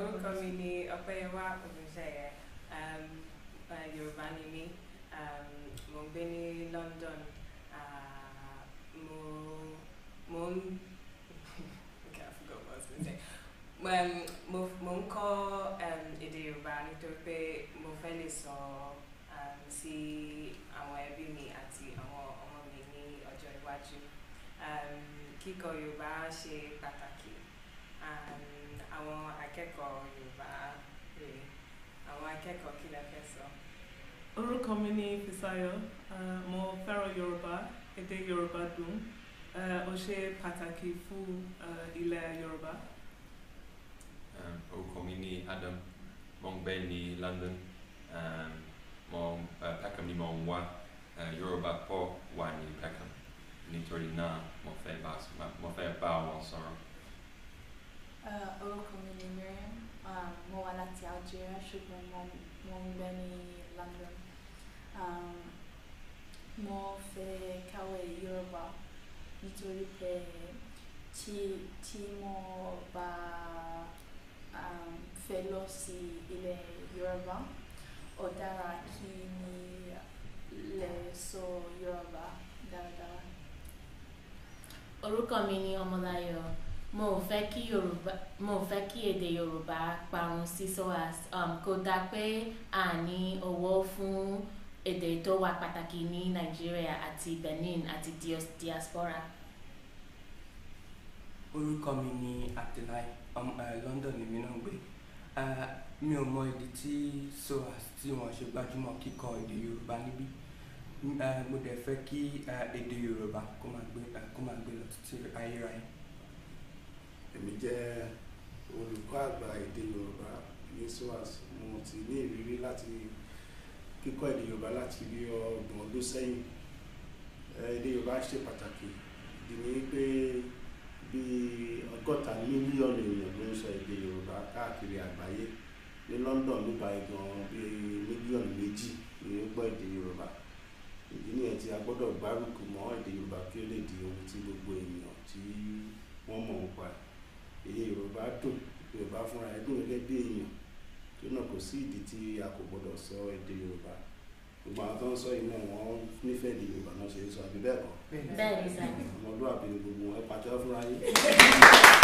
Orúkọ mi ni Ọpẹ́yẹwà Ògúnṣẹ̀yẹ, Yorùbá ni mí, mò ń gbé ní London, uh, mo mo ń okay, I forgot what I was going to say. Um, mo mo ń kọ́ èdè Yorùbá nítorí pé mo fẹ́ lè sọ sí àwọn ẹbí mi ati àwọn ọmọ mi ní ọjọ́ iwájú. Um, Kíkọ́ Yorùbá ṣe pàtàkì àwọn akẹ́kọ̀ọ́ Yorùbá rèé àwọn akẹ́kọ̀ọ́ kí lẹ fẹ́ sọ. orúkọ mi ni Fisáyọ̀ mo fẹ́ràn Yorùbá èdè Yorùbá dùn ó ṣe pàtàkì fún ilẹ̀ Yorùbá. orúkọ mi ni Adam mo ń gbé ní London mo Peckham ni mo ń wá Yorùbá pọ̀ wà ní Peckham nítorí náà mo fẹ́ bá wọn sọ̀rọ̀. grazie oggi è uscito mon, mon beni London. Um, mo fẹ́ kàwé Yorùbá nítorí pé ti ti mo ba um, fẹ́ lọ sí ilẹ̀ Yorùbá ó dára kí ni lè sọ dara. dáradára. Orúkọ mi ni Ọmọláyọ̀ mo ò fẹ́ kí yorùbá mo ò fẹ́ èdè yorùbá parun sísọ as um, kò dáa pé a ní owó fún èdè tó wà pàtàkì ní nàìjíríà àti benin àti diaspora. orúkọ mi ni abdullahi um, uh, london lèmi náà gbé uh, mi ò mọ ìdí tí soas tí wọ́n ṣe gbajúmọ̀ kíkọ èdè yorùbá níbí uh, mo dẹ̀ fẹ́ kí uh, èdè yorùbá uh, kó máa gbé lọ títí ayérayé èmi jẹ́ olùkọ́ àgbà èdè Yorùbá ní SOAS mo ti ní ìrírí láti kíkọ́ èdè Yorùbá láti bí ọgbọ̀n ọdún sẹ́yìn èdè Yorùbá ṣe pàtàkì ìdí ni pé bí ọgọ́ta mílíọ̀nù èèyàn ló ń sọ èdè Yorùbá káàkiri àgbáyé ní London nígbà ìgbọ̀n bí mílíọ̀nù méjì ni ó gbọ́ èdè Yorùbá ìdí nìyẹn tí a gbọ́dọ̀ gbárùkù mọ́ èdè Yorùbá kí ó lè di ohun tí gbogbo ènìyàn tí wọ́n mọ̀ nípa ẹ̀. èyí yorùbá dùn yorùbá fúnra ẹ̀ dùn gẹ́gẹ́ bí èèyàn tó náà kò sí ìdí tí a sọ èdè yorùbá gbogbo àwọn tó ń sọ yìí náà wọ́n nífẹ̀ẹ́ yorùbá náà ṣe é sọ àbí bẹ́ẹ̀ ni